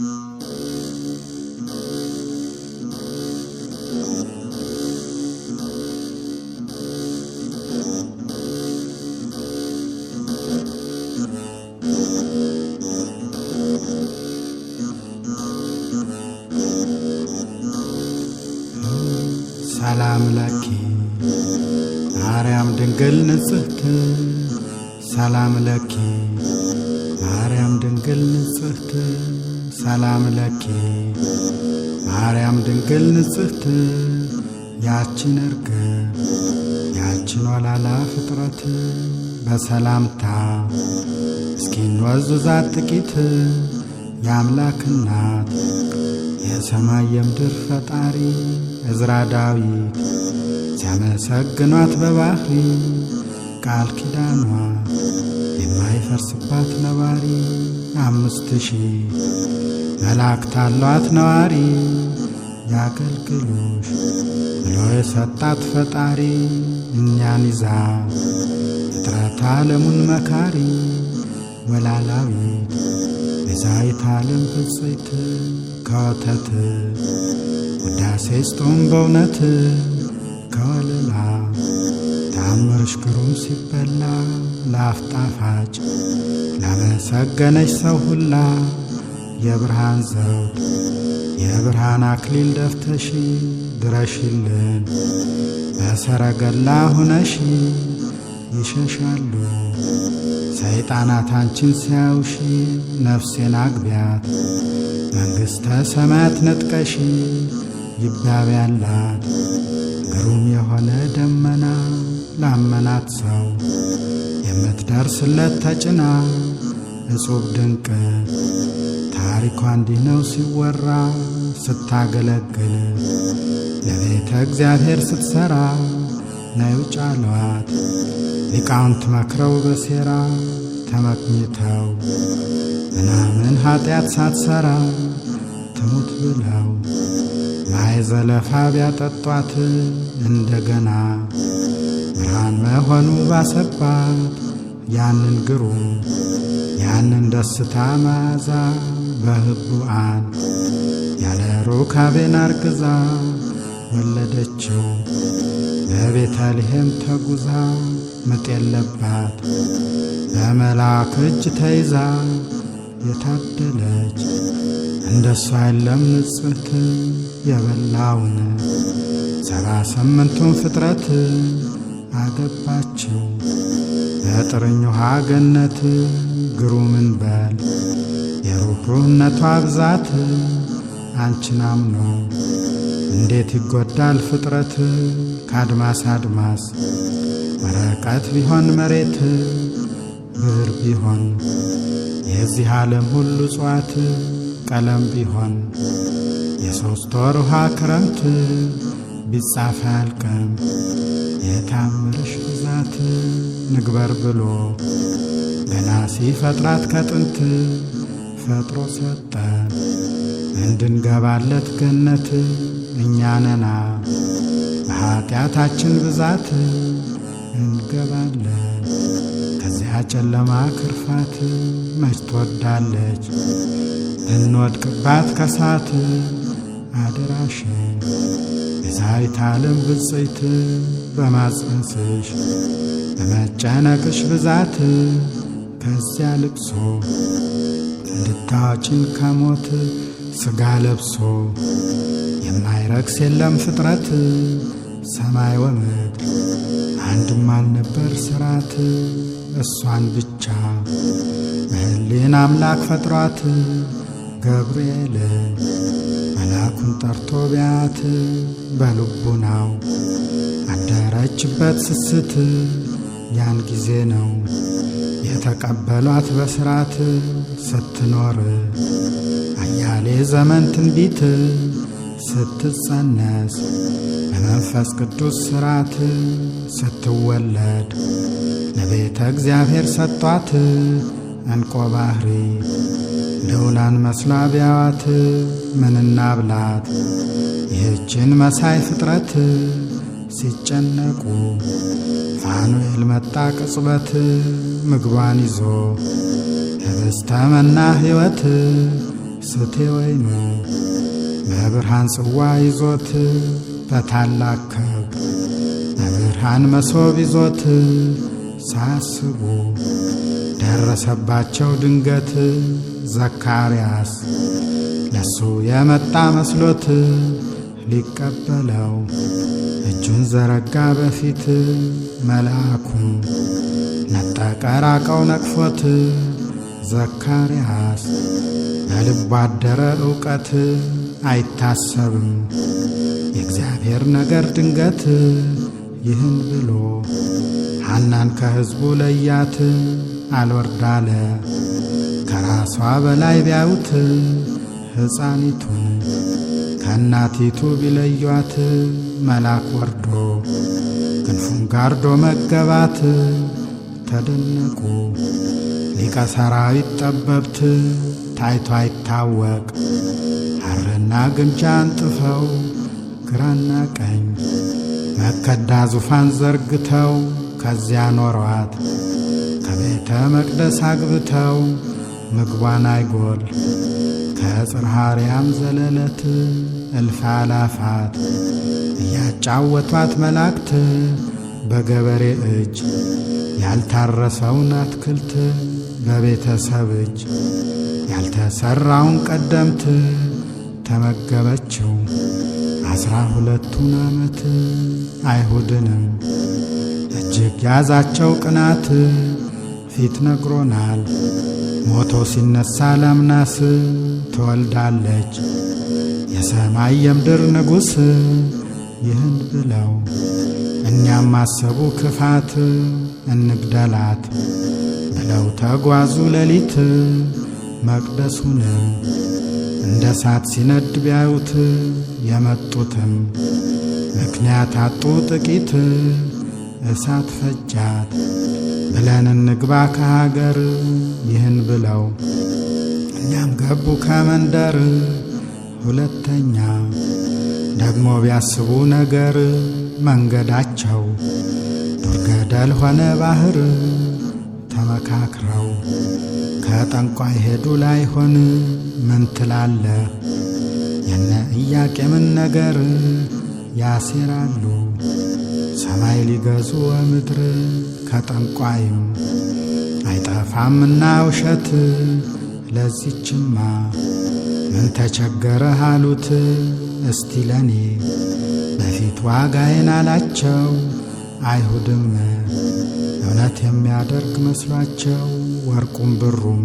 ሰላም ለኪ ማርያም ድንግል ንጽሕት ሰላም ለኪ ማርያም ድንግል ንጽሕት ሰላም ለኪ ማርያም ድንግል ንጽሕት ያችን እርግብ ያችን ወላላ ፍጥረት በሰላምታ እስኪንወዙዛት ጥቂት የአምላክ እናት የሰማይ የምድር ፈጣሪ እዝራ ዳዊት ሲያመሰግኗት በባህሪ ቃል ኪዳኗ የማይፈርስባት ነባሪ አምስት ሺህ መላእክት አሏት ነዋሪ ያገልግሉሽ ብሎ የሰጣት ፈጣሪ እኛን ይዛ ፍጥረት ዓለሙን መካሪ ወላላዊት ቤዛዊት ዓለም ብፅዕት ከወተት ውዳሴ ስጦም በእውነት ከወለላ ተአምርሽ ግሩም ሲበላ ላፍጣፋጭ ላመሰገነች ሰው ሁላ የብርሃን ዘውድ የብርሃን አክሊል ደፍተሺ ድረሽልን በሰረገላ ሁነሺ ይሸሻሉ ሰይጣናት አንቺን ሲያውሺ ነፍሴን አግቢያት መንግሥተ ሰማያት ነጥቀሺ ይባብያላት ግሩም የሆነ ደመና ላመናት ሰው የምትደርስለት ተጭናት እጹብ ድንቅ ታሪኳ እንዲህ ነው ሲወራ ስታገለግል ለቤተ እግዚአብሔር ስትሠራ ነውጫ ለዋት ሊቃውንት መክረው በሴራ ተመክኝተው ምናምን ኀጢአት ሳትሠራ ትሙት ብለው ማይ ዘለፋ ቢያጠጧት እንደገና ብርሃን መሆኑ ባሰባት ያንን ግሩም ያንን ደስታ መዓዛ በህቡአን ያለ ሩካቤን አርግዛ ወለደችው በቤተልሔም ተጉዛ ምጥ የለባት በመላክ እጅ ተይዛ የታደለች እንደ እሷ የለም ንጽሕት የበላውን ሰባ ስምንቱን ፍጥረት አገባችው። የጥርኝ ውሃ ገነት ግሩምን በል የሩህሩህነቷ ብዛት አንቺን አምኖ እንዴት ይጎዳል ፍጥረት ከአድማስ አድማስ ወረቀት ቢሆን መሬት ብር ቢሆን የዚህ ዓለም ሁሉ እጽዋት ቀለም ቢሆን የሦስት ወር ውሃ ክረምት ቢጻፍ አያልቅም የታምርሽ ብዛት ንግበር ብሎ ገና ሲፈጥራት ከጥንት ፈጥሮ ሰጠን እንድንገባለት ገነት እኛነና በኃጢአታችን ብዛት እንገባለን ከዚያ ጨለማ ክርፋት መች ትወዳለች እንወድቅባት ከሳት አደራሽን የዛይት ዓለም ብፅዕት በማጽንስሽ በመጨነቅሽ ብዛት ከዚያ ልብሶ እንድታዋችን ከሞት ሥጋ ለብሶ የማይረክስ የለም ፍጥረት ሰማይ ወምድ አንድም አልነበር ስራት እሷን ብቻ በህሊና አምላክ ፈጥሯት ገብርኤል መላኩን ጠርቶ ቢያት በልቡናው አደረችበት ስስት ያን ጊዜ ነው የተቀበሏት በስርዓት ስትኖር አያሌ ዘመን ትንቢት ስትጸነስ በመንፈስ ቅዱስ ስራት ስትወለድ ለቤተ እግዚአብሔር ሰጥቷት እንቆ ባህሪ ልውላን መስላ ቢያዋት ምንና ብላት ይህችን መሳይ ፍጥረት ሲጨነቁ ፋኑኤል መ በመጣ ቅጽበት ምግቧን ይዞ ህብስተ መና ሕይወት ስቴ ወይኑ በብርሃን ጽዋ ይዞት በታላቅ ከብ በብርሃን መሶብ ይዞት ሳስቡ ደረሰባቸው ድንገት ዘካርያስ ለሱ የመጣ መስሎት ሊቀበለው እጁን ዘረጋ በፊት መልአኩ ነጠቀራቀው ነቅፎት ዘካርያስ በልቡ አደረ እውቀት አይታሰብም የእግዚአብሔር ነገር ድንገት ይህን ብሎ ሐናን ከሕዝቡ ለያት አልወርዳለ ከራሷ በላይ ቢያዩት ሕፃኒቱን ከእናቲቱ ቢለዩአት መልአክ ወርዶ ጋርዶ መገባት ተደነቁ ሊቀ ሰራዊት ጠበብት ታይቶ አይታወቅ ሐርና ግምጃ አንጥፈው ግራና ቀኝ መከዳ ዙፋን ዘርግተው ከዚያ ኖሯት ከቤተ መቅደስ አግብተው ምግቧን አይጎል ከጽርሃርያም ዘለለት እልፍ አላፋት እያጫወቷት መላእክት በገበሬ እጅ ያልታረሰውን አትክልት በቤተሰብ እጅ ያልተሰራውን ቀደምት ተመገበችው አስራ ሁለቱን ዓመት አይሁድንም እጅግ ያዛቸው ቅናት ፊት ነግሮናል ሞቶ ሲነሣ ለምናስ ትወልዳለች የሰማይ የምድር ንጉሥ ይህን ብለው እኛም ማሰቡ ክፋት እንግደላት ብለው ተጓዙ ሌሊት መቅደሱን እንደ እሳት ሲነድ ቢያዩት የመጡትም ምክንያት አጡ ጥቂት እሳት ፈጃት ብለን እንግባ ከሀገር ይህን ብለው እኛም ገቡ ከመንደር ሁለተኛ ደግሞ ቢያስቡ ነገር መንገዳቸው ዱር ገደል ሆነ ባህር ተመካክረው ከጠንቋይ ሄዱ ሆን ምን ትላለ የነ ኢያቄምን ነገር ያሴራሉ ሰማይ ሊገዙ ወምድር ከጠንቋዩ አይጠፋምና ውሸት ለዚችማ ምን ተቸገረ አሉት እስቲ ለኔ ዋጋዬን አላቸው። አይሁድም እውነት የሚያደርግ መስሏቸው ወርቁም ብሩም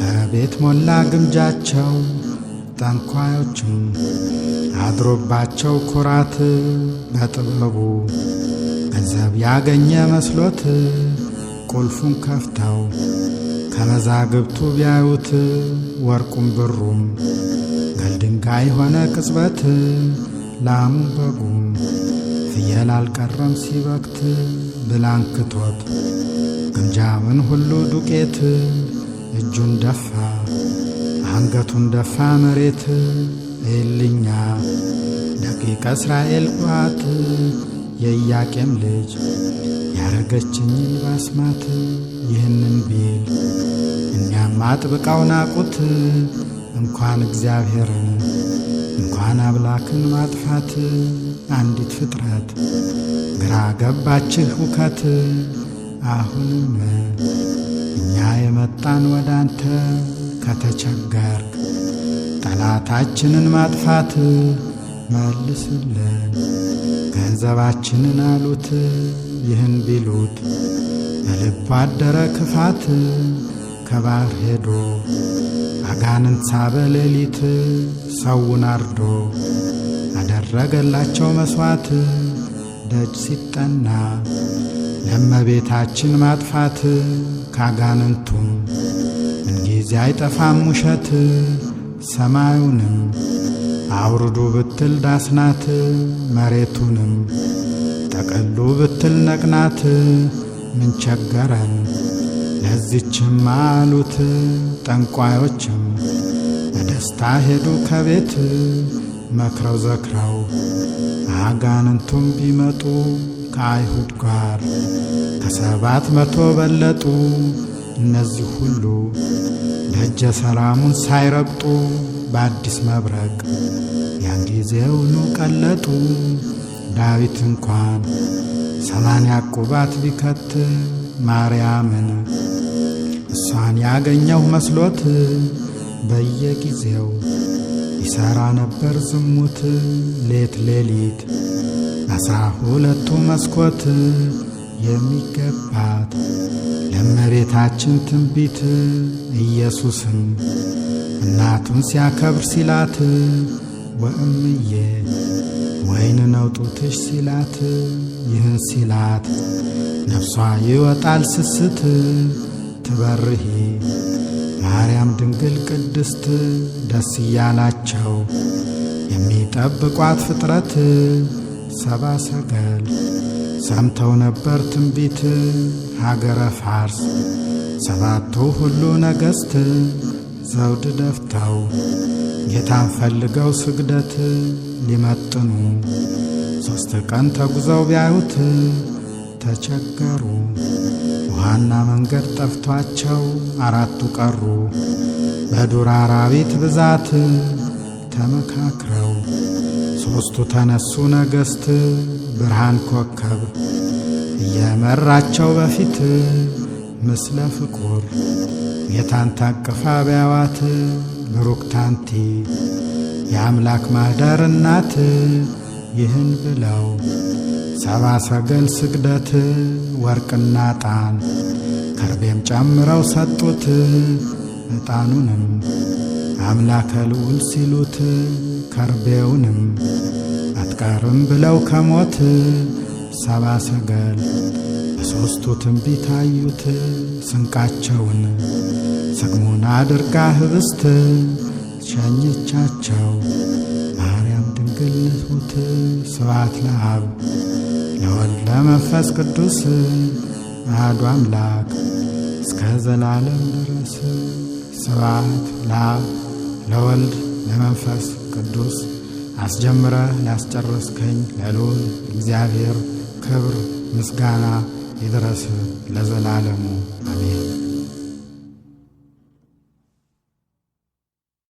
ከቤት ሞላ ግምጃቸው። ጠንኳዮችም አድሮባቸው ኩራት በጥበቡ ገንዘብ ያገኘ መስሎት ቁልፉን ከፍተው ከመዛግብቱ ቢያዩት ወርቁም ብሩም ገልድንጋይ ሆነ ቅጽበት ላም በጉም ፍየል አልቀረም ሲበክት ብላንክቶት ግምጃምን ሁሉ ዱቄት እጁን ደፋ አንገቱን ደፋ መሬት እልኛ ደቂቀ እስራኤል ቋት የኢያቄም ልጅ ያረገችኝን ባስማት ይህንን ቢል እኛም አጥብቃውን ናቁት እንኳን እግዚአብሔርን እንኳን አምላክን ማጥፋት አንዲት ፍጥረት ግራ ገባችህ ሁከት። አሁንም እኛ የመጣን ወደ አንተ ከተቸገር ጠላታችንን ማጥፋት መልስልን ገንዘባችንን አሉት ይህን ቢሉት በልብ አደረ ክፋት ከባር ሄዶ አጋንንት ሳበ ሌሊት ሰውን አርዶ አደረገላቸው መሥዋዕት ደጅ ሲጠና ለመቤታችን ማጥፋት ካጋንንቱ ምንጊዜ አይጠፋም ውሸት ሰማዩንም አውርዱ ብትል ዳስናት መሬቱንም ጠቅሉ ብትል ነቅናት ምንቸገረን ለዚችም አሉት ጠንቋዮችም በደስታ ሄዱ ከቤት መክረው ዘክረው አጋንንቱም ቢመጡ ከአይሁድ ጋር ከሰባት መቶ በለጡ። እነዚህ ሁሉ ደጀ ሰላሙን ሳይረግጡ በአዲስ መብረቅ ያን ጊዜውኑ ቀለጡ። ዳዊት እንኳን ሰማንያ ቁባት ቢከት ማርያምን እሷን ያገኘው መስሎት በየጊዜው ይሠራ ነበር ዝሙት ሌት ሌሊት አስራ ሁለቱ መስኮት የሚገባት ለመሬታችን ትንቢት ኢየሱስም እናቱን ሲያከብር ሲላት ወእምዬ ወይን ነው ጡትሽ ሲላት ይህን ሲላት ነፍሷ ይወጣል ስስት ትበርሄ ማርያም ድንግል ቅድስት ደስ እያላቸው የሚጠብቋት ፍጥረት ሰባ ሰገል ሰምተው ነበር ትንቢት ሀገረ ፋርስ ሰባቱ ሁሉ ነገሥት ዘውድ ደፍተው ጌታን ፈልገው ስግደት ሊመጥኑ ሦስት ቀን ተጉዘው ቢያዩት ተቸገሩ። ውሃና መንገድ ጠፍቷቸው አራቱ ቀሩ በዱር አራዊት ብዛት ተመካክረው ሦስቱ ተነሱ ነገሥት ብርሃን ኮከብ እየመራቸው በፊት ምስለ ፍቁር ጌታን ታቅፋ ቢያዋት ታንቲ የአምላክ ማኅደር እናት ይህን ብለው ሰባ ሰገል ስግደት ወርቅና ዕጣን ከርቤም ጨምረው ሰጡት። ዕጣኑንም አምላከ ልዑል ሲሉት ከርቤውንም አትቀርም ብለው ከሞት ሰባ ሰገል በሦስቱ ትንቢት አዩት ስንቃቸውን ስግሙን አድርጋ ህብስት ሸኘቻቸው ማርያም ድንግል ሁት ስብሐት ለአብ ለወልደ ለመንፈስ ቅዱስ አሐዱ አምላክ እስከ ዘላለም ድረስ ስብሐት ለአብ ለወልድ ለመንፈስ ቅዱስ አስጀምረ ላስጨረስከኝ ለልዑል እግዚአብሔር ክብር ምስጋና ይድረስ ለዘላለሙ አሜን።